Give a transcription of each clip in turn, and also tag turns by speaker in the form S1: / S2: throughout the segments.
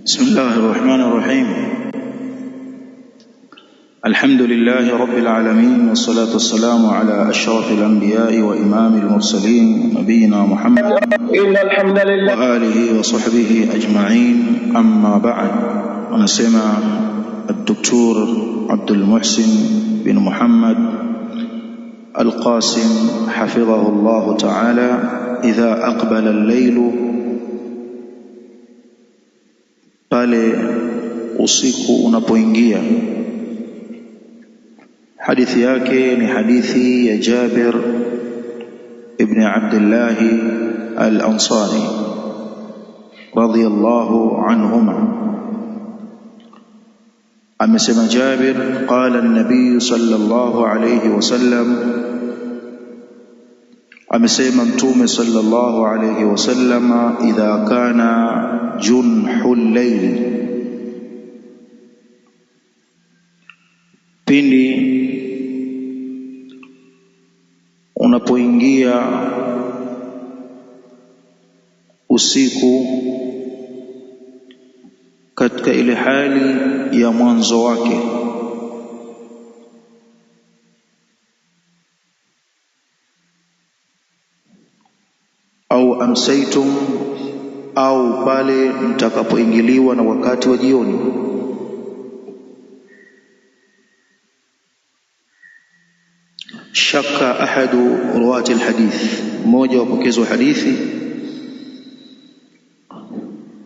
S1: بسم الله الرحمن الرحيم الحمد لله رب العالمين والصلاة والسلام على أشرف الأنبياء وإمام المرسلين نبينا محمد إن الحمد لله وآله وصحبه أجمعين أما بعد ونسمع الدكتور عبد المحسن بن محمد القاسم حفظه الله تعالى إذا أقبل الليل pale usiku unapoingia hadithi yake ni hadithi ya Jabir ibn Abdullah al-Ansari radiyallahu anhuma amesema Jabir qala an-nabiy sallallahu alayhi wasallam amesema Mtume sallallahu alayhi wasallama, idha kana junhu llaili pindi unapoingia usiku katika ile hali ya mwanzo wake amsaytum, au pale mtakapoingiliwa na wakati wa jioni. shakka ahadu ruwati alhadith, mmoja wa wapokezi wa hadithi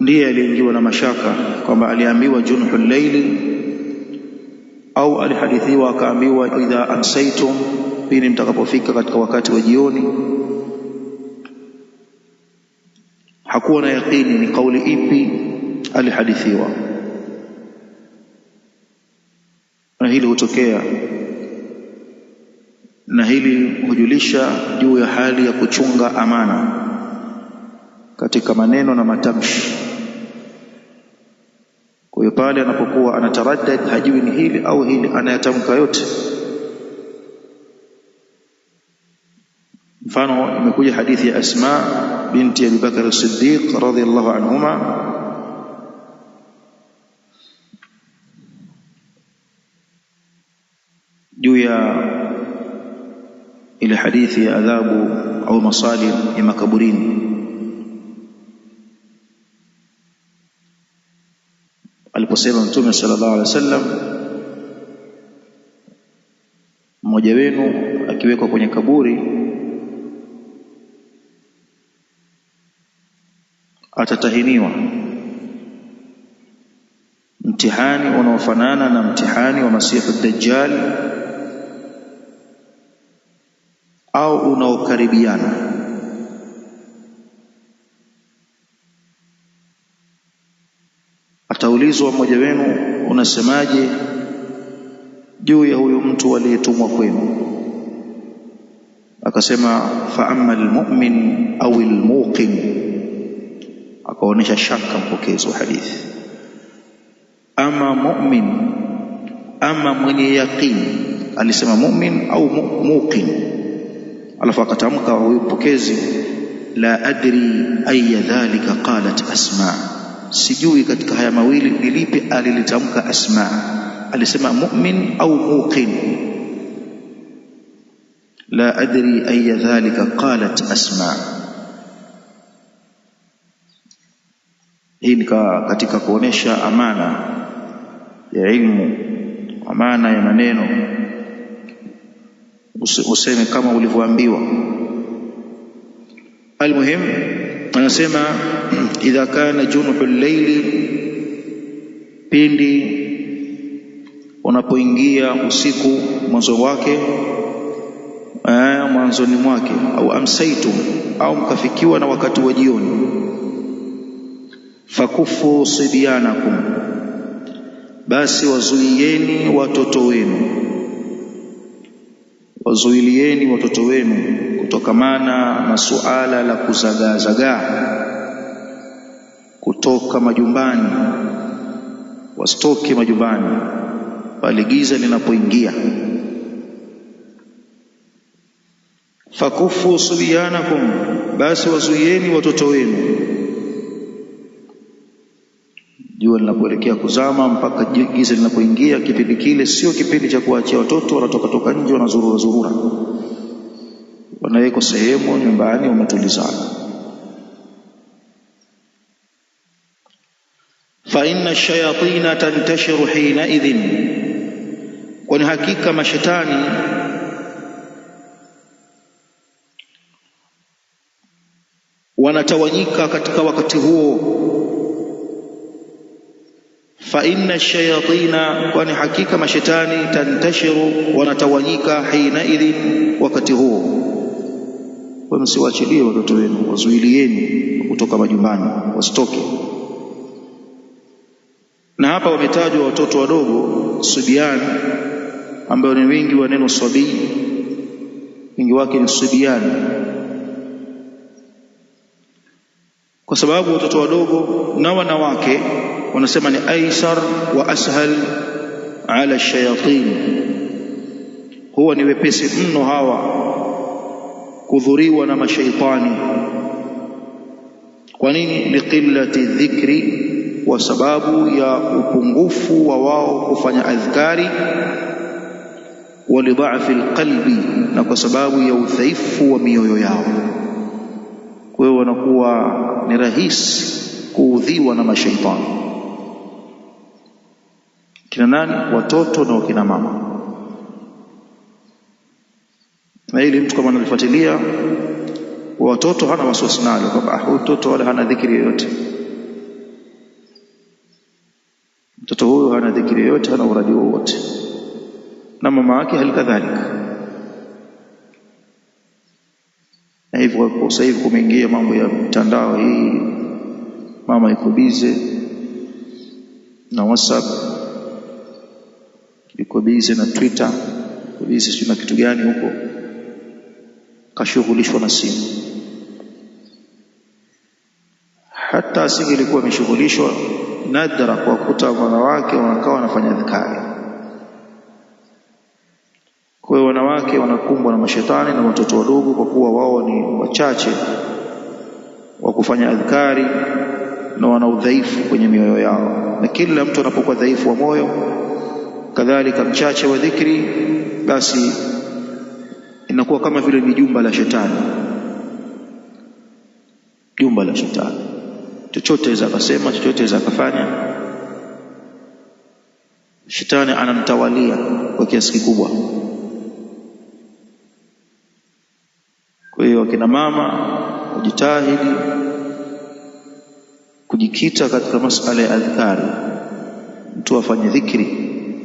S1: ndiye aliingiwa na mashaka kwamba aliambiwa junhu llaili au alihadithiwa akaambiwa idha amsaytum, pini mtakapofika katika wakati wa jioni hakuwa na yaqini ni kauli ipi alihadithiwa. Na hili hutokea na hili hujulisha juu ya hali ya kuchunga amana katika maneno na matamshi. Kwa hiyo pale anapokuwa anataraddad, hajui ni hili au hili, anayatamka yote mfano imekuja hadithi ya Asma binti Abi Bakar as-Siddiq radhiyallahu anhuma juu ya ile hadithi ya adhabu au masali ya makaburini aliposema mtume sallallahu alaihi wasallam mmoja wenu akiwekwa kwenye kaburi atatahiniwa mtihani unaofanana na mtihani wa Masihi Dajjal au unaokaribiana. Ataulizwa mmoja wenu, unasemaje juu ya huyu mtu aliyetumwa kwenu? Akasema, fa amma almu'min au almuqin akaonesha shaka mpokezi wa hadithi. Ama mu'min, ama mwenye yaqini, alisema mu'min au muqin, alafu akatamka huyu mpokezi, la adri aya dhalika qalat Asma, sijui katika haya mawili ni lipi alilitamka Asma. Alisema mu'min au muqin, la adri aya dhalika qalat Asma Hii ni katika kuonesha amana ya ilmu, amana ya maneno. Useme kama ulivyoambiwa. Almuhim, anasema idha kana junhu llaili, pindi unapoingia usiku mwanzo wake eh, mwanzoni mwake, au amsaitum, au mkafikiwa na wakati wa jioni fakufu sibyanakum, basi wazuilieni watoto wenu, wazuilieni watoto wenu kutokamana na suala la kuzagaazagaa kutoka majumbani, wasitoke majumbani pale giza linapoingia. Fakufu subyanakum, basi wazuieni watoto wenu jua linapoelekea kuzama mpaka giza linapoingia, kipindi kile sio kipindi cha kuachia watoto wanatoka toka nje wanazurura zurura, wanawekwa sehemu nyumbani, wametulizana. fa inna shayatina tantashiru hina idhin, kwani hakika mashetani wanatawanyika katika wakati huo fa inna shayatina, kwani hakika mashetani tantashiru, wanatawanyika. Hina idhi, wakati huo. Kwa msiwaachilie watoto wenu, wazuilieni kutoka majumbani, wasitoke. Na hapa wametajwa watoto wadogo, subian, ambao ni wingi wa neno sabii, wingi wake ni subian kwa sababu watoto wadogo na wanawake wanasema ni aisar wa ashal ala shayatin, huwa ni wepesi mno hawa kudhuriwa na mashaitani. Kwa nini? Liqillati dhikri, kwa sababu ya upungufu wa wao kufanya adhkari, wa walidhaafi lqalbi, na kwa sababu ya udhaifu wa mioyo yao, kwa hiyo wanakuwa ni rahisi kuudhiwa na mashaitani, kina nani? Watoto na wakina mama. Na ili mtu kama analifuatilia watoto, hana wasiwasi nalo kwamba ah, mtoto wala hana dhikiri yoyote, mtoto huyo hana dhikiri yoyote, hana uradi wowote, na mama yake halikadhalika na hivyo kwa sasa hivi kumeingia mambo ya mtandao hii, mama iko bize na WhatsApp, iko bize na Twitter, iko bize sio na kitu gani huko, kashughulishwa na simu. Hata asingelikuwa ameshughulishwa nadra kwa kuta wanawake wanakaa wanafanya dhikari kwa hiyo wanawake wanakumbwa na mashetani na watoto wadogo, kwa kuwa wao ni wachache wa kufanya adhkari na wana udhaifu kwenye mioyo yao, na kila mtu anapokuwa dhaifu wa moyo, kadhalika mchache wa dhikri, basi inakuwa kama vile ni jumba la shetani, jumba la shetani. Chochote aweza akasema, chochote aweza akafanya, shetani anamtawalia kwa kiasi kikubwa. wakina mama kujitahidi kujikita katika masala ya adhkari, mtu afanye dhikri,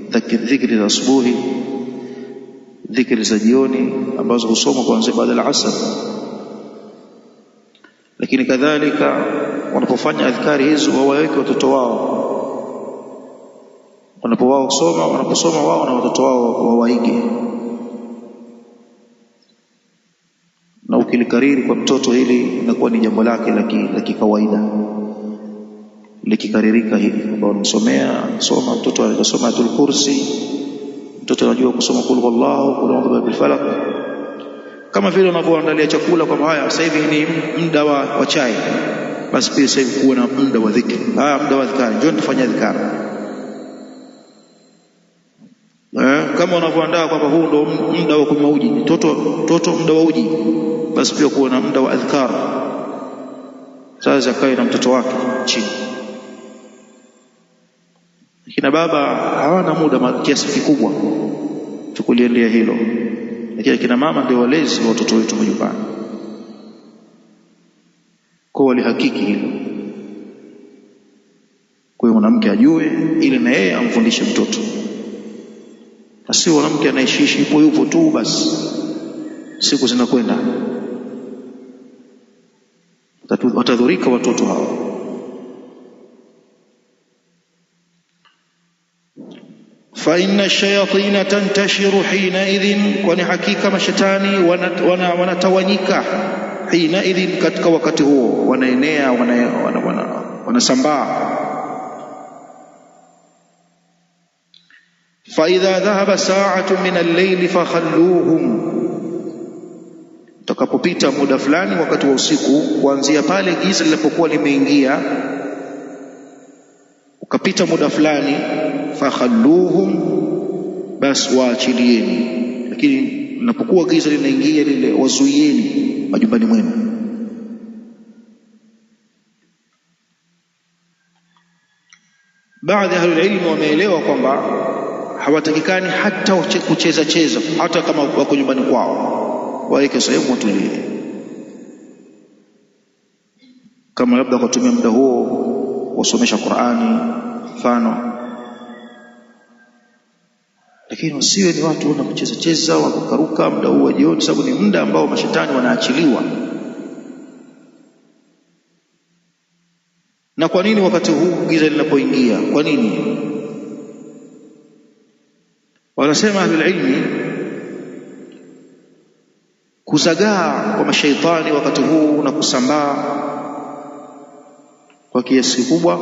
S1: dhikri za asubuhi, dhikri za jioni ambazo husomwa kuanzia baada ya asr. Lakini kadhalika wanapofanya adhkari hizo wawaweke watoto wao wanapowao soma wanaposoma wao na watoto wao wawaige ukilikariri kwa mtoto hili inakuwa ni jambo lake la kikawaida likikaririka hivi kwamba unamsomea soma mtoto anasoma Ayatul Kursi, mtoto anajua kusoma kul wallahu kul a'udhu bil falaq, kama vile unavyoandalia chakula kwamba haya sasa hivi ni muda wa, wa chai, basi pia sasa hivi kuwa na muda wa dhikri. Haya, muda wa dhikari, njoo tufanye dhikari eh, kama unavyoandaa kwamba huu ndio muda wa kunywa uji, mtoto mtoto muda wa uji basi pia kuwa na muda wa adhkar. Sasa akae na mtoto wake chini, lakini baba hawana muda kiasi kikubwa tukuliendea hilo, lakini akina mama ndio walezi wa watoto wetu majumbani, kwa walihakiki hilo. Kwa hiyo mwanamke ajue ili na yeye amfundishe mtoto, na si mwanamke anaishiishi yupo yupo tu basi, siku zinakwenda watadhurika watoto hao. fa inna shayatina tantashiru hina idhin, kwani hakika mashetani wanatawanyika. Wana, wana hina idhin, katika wakati huo wanaenea, wanasambaa wana, wana, wana fa idha dhahaba sa'atu min al-layli fakhalluhum Ukapopita muda fulani, wakati wa usiku, kuanzia pale giza lilipokuwa limeingia, ukapita muda fulani, fakhalluhum, basi waachilieni. Lakini mnapokuwa giza linaingia lile, wazuieni majumbani mwenu. Baadhi ya ahlulilmu wameelewa kwamba hawatakikani hata kucheza cheza, hata kama wako nyumbani kwao waweke sehemu watulie, kama labda wakatumia muda huo wasomesha Qur'ani mfano, lakini wasiwe ni watu wana kucheza cheza wakukaruka muda huo wa jioni, sababu ni muda ambao mashetani wanaachiliwa. Na kwa nini wakati huu giza linapoingia? Kwa nini wanasema ahlulilmi kuzagaa kwa mashaitani wakati huu na kusambaa kwa kiasi kikubwa,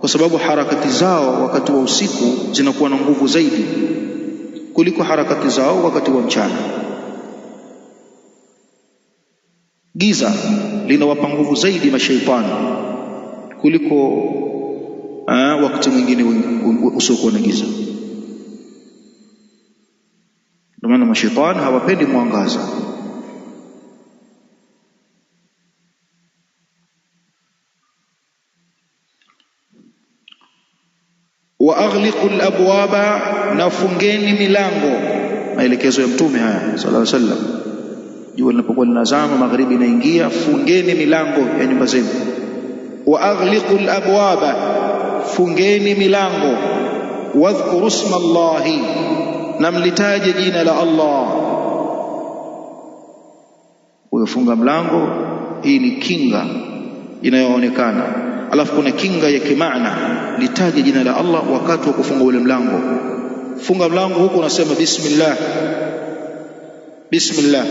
S1: kwa sababu harakati zao wakati wa usiku zinakuwa na nguvu zaidi kuliko harakati zao wakati wa mchana. Giza linawapa nguvu zaidi mashaitani kuliko aa, eh, wakati mwingine usiokuwa na giza. Ndio maana mashaitani hawapendi mwangaza. wa aghliqu labwaba, na fungeni milango. Maelekezo ya Mtume haya sallallahu alaihi wasallam. Jua linapokuwa linazama, magharibi inaingia, fungeni milango ya nyumba zenu. Wa aghliqu labwaba, fungeni milango. Wadhkuru sma llahi na mlitaje jina la Allah. Uyofunga mlango, hii ni kinga inayoonekana. Alafu kuna kinga ya kimaana, litaje jina la Allah wakati wa kufunga ule mlango. Funga mlango huko, unasema bismillah, bismillah,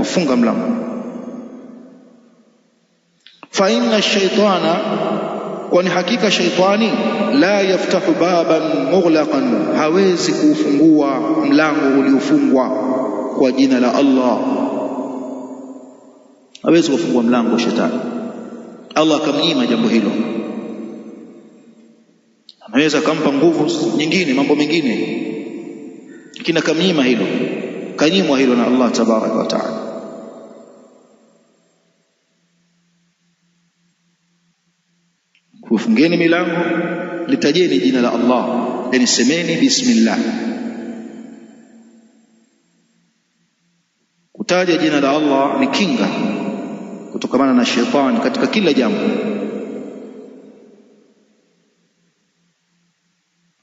S1: ufunga mlango. fa inna shaitana kwani hakika shaitani la yaftahu baban mughlaqan, hawezi kuufungua mlango uliofungwa kwa jina la Allah, hawezi kufungua mlango shetani. Allah akamnyima jambo hilo, anaweza akampa nguvu nyingine, mambo mengine, lakini akamnyima hilo, kanyimwa hilo na Allah tabaraka wa taala. Fungeni milango, litajeni jina la Allah, yani semeni bismillah. Kutaja jina la Allah ni kinga kutokamana na shetani katika kila jambo,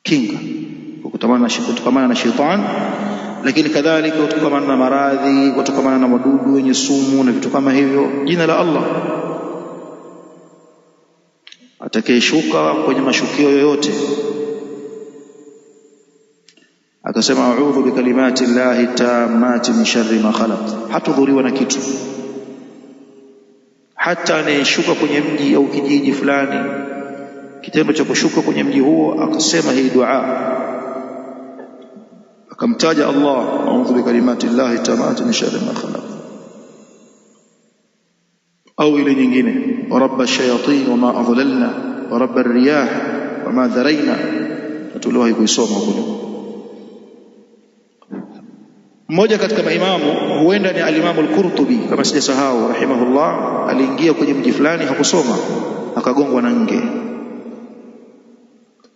S1: kinga kutokamana na shetani, lakini kadhalika kutokamana na maradhi, kutokamana na wadudu wenye sumu na vitu kama hivyo, jina la Allah atakayeshuka kwenye mashukio yoyote akasema a'udhu bikalimati llahi tammati min sharri ma khalaq, hatudhuriwa na kitu. Hata anayeshuka kwenye mji au kijiji fulani, kitendo cha kushuka kwenye mji huo, akasema hii dua, akamtaja Allah, a'udhu bikalimati llahi tammati min sharri ma khalaq, au ile nyingine ورب الشياطين وما أضللنا ورب الرياح وما ذرينا tuliwahi kuisoma huko mmoja katika maimamu huenda ni alimamu al-Qurtubi kama sijasahau rahimahullah aliingia kwenye mji fulani hakusoma akagongwa na nge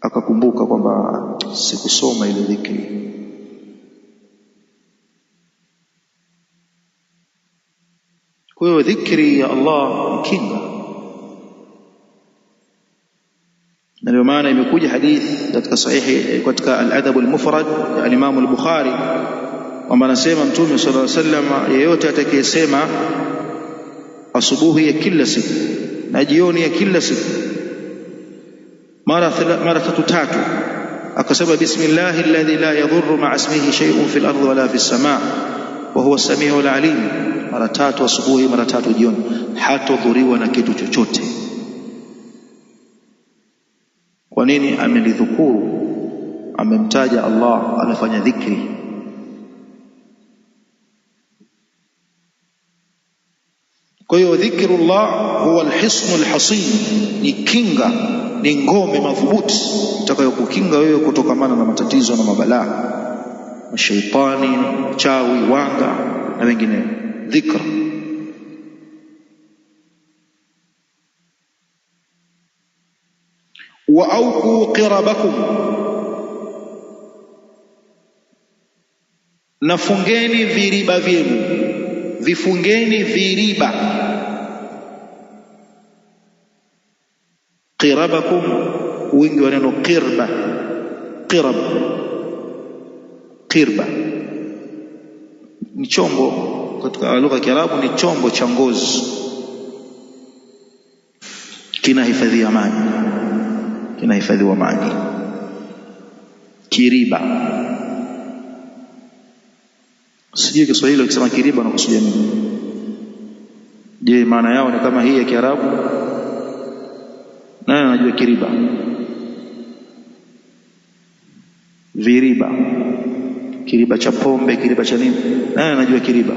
S1: akakumbuka kwamba sikusoma ile dhikri kwa hiyo dhikri ya Allah mkinga na ndio maana imekuja hadithi katika sahihi katika al-Adab al-Mufrad al-Imam al-Bukhari kwamba anasema Mtume sallallahu alaihi wasallam, yeyote atakayesema asubuhi ya kila siku na jioni ya kila siku mara mara tatu tatu, akasema bismillahi alladhi la yadhurru ma'a ismihi shay'un fil ardi wala fis samaa wa huwa as-sami'ul alim, mara tatu asubuhi, mara tatu jioni, hatadhuriwa na kitu chochote nini amelidhukuru? Amemtaja Allah, amefanya dhikri. Kwa hiyo dhikrullah huwa alhisnu alhasin, ni kinga, ni ngome madhubuti itakayokukinga wewe kutokamana na matatizo na mabalaa, mashaitani, wachawi, wanga na wengine Dhikra wa auku qirabakum, nafungeni viriba vyenu, vifungeni viriba. Qirabakum wingi wa neno qirba, qirab, qirba ni chombo katika lugha ya Kiarabu, ni chombo cha ngozi kinahifadhia maji kinahifadhiwa maji. Kiriba, sijui Kiswahili ukisema kiriba nakusudia nini? Je, maana yao ni kama hii ya Kiarabu? Nani anajua kiriba? Viriba, kiriba cha pombe, kiriba cha nini? Nani anajua kiriba?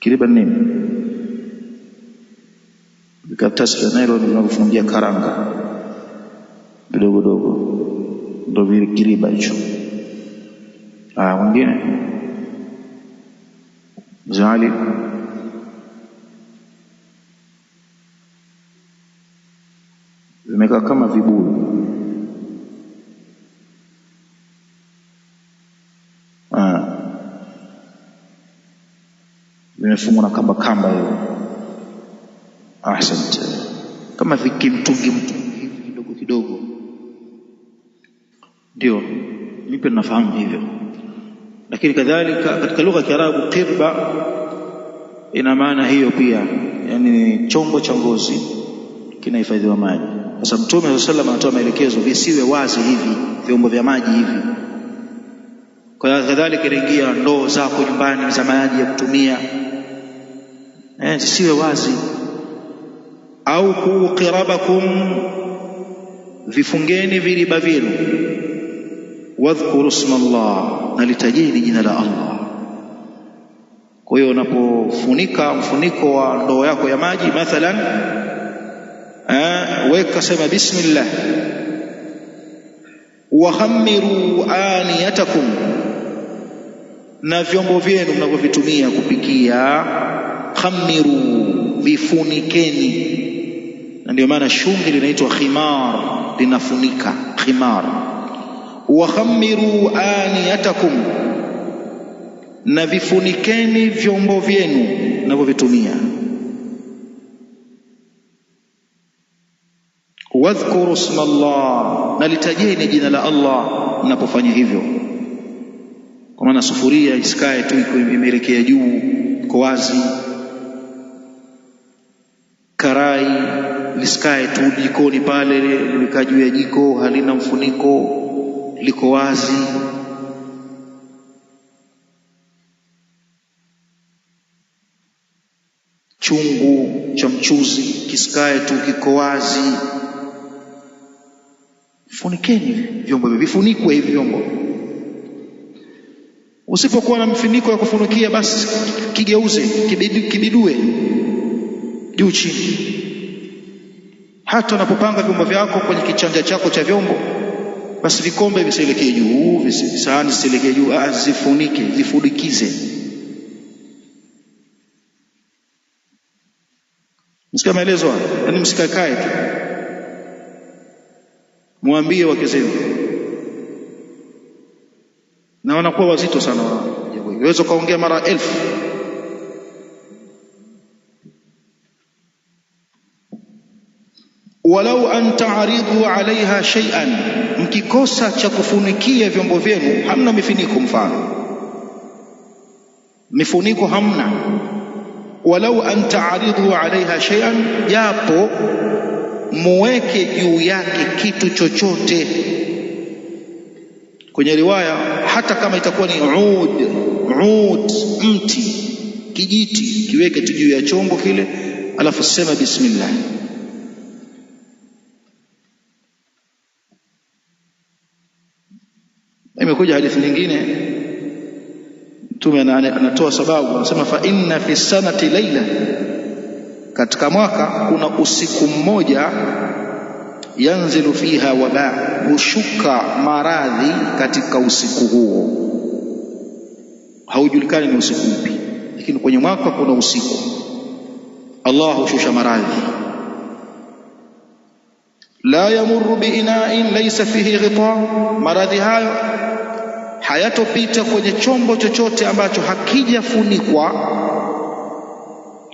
S1: Kiriba nini? tasla nailoni vinavyofungia karanga vidogo dogo, ndo kiriba hicho. Aya, mwingine zali vimekaa kama vibuyu vimefungwa na kamba kamba hiyo. Ahsante kama vikimtungi mtungi hivi kidogo kidogo, ndio nipe nafahamu hivyo. Lakini kadhalika katika lugha ya Kiarabu qirba ina maana hiyo pia, yani chombo cha ngozi kinahifadhiwa maji. Sasa Mtume sallallahu alaihi anatoa maelekezo visiwe wazi hivi vyombo vya maji hivi. Kwa kadhalika inaingia ndoo zako nyumbani za maji ya kutumia, eh, zisiwe wazi au kuu vifungeni viriba vyenu, wadhkuru sma llah nalitajeni jina la Allah. Kwa hiyo unapofunika mfuniko wa ndoo yako ya maji mathalan, eh, weka sema bismillah, wahammiru aniyatakum, na vyombo vyenu mnavyovitumia kupikia, hammiru, vifunikeni ndio maana shungi linaitwa khimar, linafunika khimar. Wakhamiru aniyatakum, na vifunikeni vyombo vyenu navyovitumia. Wadhkuru sma llah, na litajeni jina la Allah mnapofanya hivyo, kwa maana sufuria isikae tu imeelekea juu, iko wazi karai lisikae tu jikoni pale, limekaa juu ya jiko, halina mfuniko, liko wazi. Chungu cha mchuzi kisikae tu, kiko wazi. Funikeni vyombo hivi, vifunikwe hivi vyombo. Usipokuwa na mfuniko ya kufunikia, basi kigeuze, kibidue juu chini hata unapopanga vyombo vyako kwenye kichanja chako cha vyombo, basi vikombe visielekee juu, sahani zisielekee juu, ah, zifunike, zifunikize. Msikia maelezo haya, yaani msikakae tu, mwambie wake zenu, na wanakuwa wazito sana wao. Unaweza ukaongea mara elfu walau an ta'ridu alaiha shay'an, mkikosa cha kufunikia vyombo vyenu, hamna mifuniko, mfano mifuniko hamna. Walau an ta'ridu alaiha shay'an, japo muweke juu yake kitu chochote. Kwenye riwaya hata kama itakuwa ni ud ud, mti, kijiti, kiweke tu juu ya chombo kile, alafu sema bismillah Imekuja hadithi nyingine Mtume anatoa sababu, anasema fa inna fi sanati laila, katika mwaka kuna usiku mmoja, yanzilu fiha waba, hushuka maradhi katika usiku huo. Haujulikani ni usiku upi, lakini kwenye mwaka kuna usiku Allah hushusha maradhi. La yamuru biinain laysa fihi ghita, maradhi hayo hayatopita kwenye chombo chochote ambacho hakijafunikwa,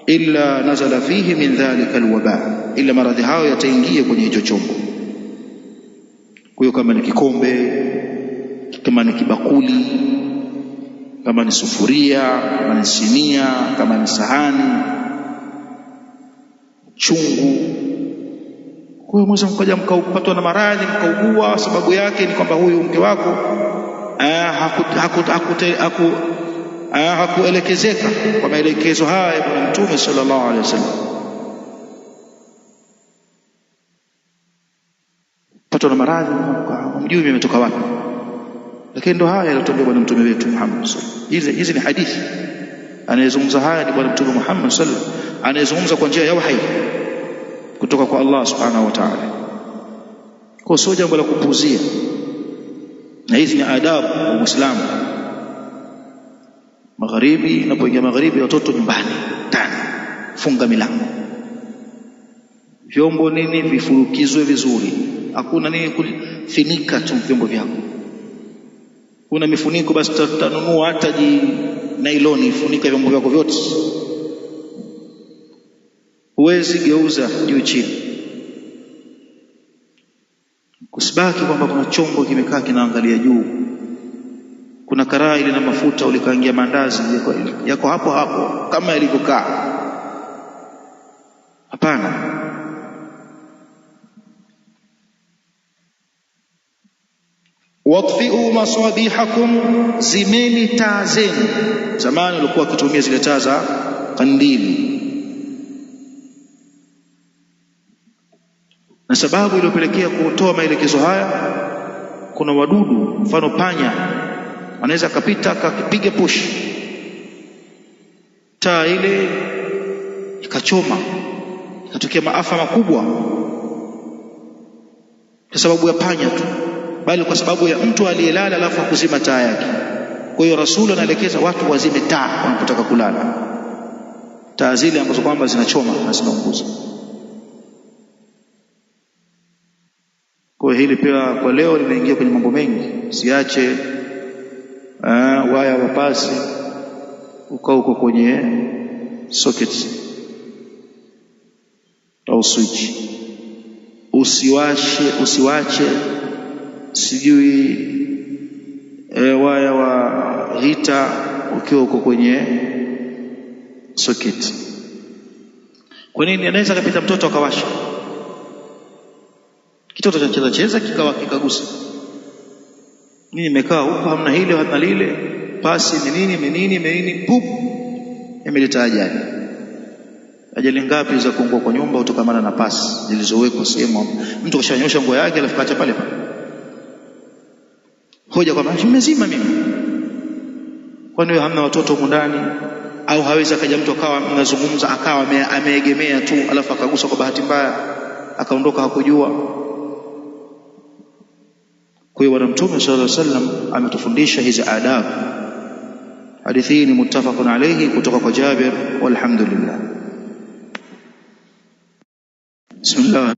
S1: illa nazala fihi min dhalika alwaba, ila maradhi hayo yataingia kwenye hicho chombo. Kwa hiyo kama ni kikombe, kama ni kibakuli, kama ni sufuria, kama ni sinia, kama ni sahani, chungu kwa hiyo mweza mkaja mkaupatwa na maradhi mkaugua, sababu yake ni kwamba huyu mke wako Ah, ah, hakuelekezeka kwa maelekezo haya ya Bwana Mtume sallallahu alaihi wasallam. Patwa na maradhi, hamjui imetoka wapi, lakini ndo haya yaliotuambia Bwana Mtume wetu Muhammad sallallahu alaihi wasallam. Hizi ni hadithi, anayezungumza haya ni Bwana Mtume Muhammad sallallahu alaihi wasallam, anayezungumza kwa njia ya wahyi kutoka kwa Allah subhanahu wa ta'ala, kwa sio jambo la kupuuzia na hizi ni adabu wa Muislamu. Magharibi, inapoingia magharibi, watoto nyumbani, tano, funga milango, vyombo nini vifurukizwe vizuri, hakuna nini, kufinika tu vyombo vyako. Kuna mifuniko basi, tutanunua hata ji nailoni, funika vyombo vyako vyote, huwezi geuza juu chini Kusibaki kwamba kuna chombo kimekaa kinaangalia juu, kuna karai ile na mafuta ulikaangia mandazi yako, yako hapo hapo kama yalivyokaa. Hapana, wadfiu maswabihakum, zimeni taa zenu. Zamani walikuwa wakitumia zile taa za kandili na sababu iliyopelekea kutoa maelekezo haya, kuna wadudu, mfano panya, anaweza akapita akapiga push taa ile ikachoma, ikatokea maafa makubwa, kwa sababu ya panya tu, bali kwa sababu ya mtu aliyelala alafu akuzima taa yake. Kwa hiyo Rasulu anaelekeza watu wazime taa wanapotaka kulala, taa zile ambazo kwamba zinachoma na zinaunguza. Kwa hili pia kwa leo linaingia kwenye mambo mengi, siache eh, waya wa pasi uka uko kwenye socket au switch. Usiwashe, usiwache sijui e, waya wa hita ukiwa uko kwenye socket. Kwa nini? Anaweza akapita mtoto akawasha Kitoto cha cheza cheza kikawa kikagusa, nini, mmekaa huko, hamna hili hamna lile, pasi ni nini ni nini ni nini, pup, imeleta ajali. Ajali ngapi za kuungua kwa nyumba kutokamana na pasi zilizowekwa sehemu, mtu kashanyosha nguo yake alafu kaacha pale pale, hoja kwamba nimezima mimi. Kwani hamna watoto huko ndani? Au hawezi akaja mtu akawa mnazungumza akawa ameegemea tu, alafu akagusa kwa bahati mbaya, akaondoka hakujua kwa hiyo Bwana Mtume sallallahu alaihi wasallam ametufundisha hizi adabu. Hadithi hii ni muttafaqun alayhi kutoka kwa Jabir, walhamdulillah. Bismillah.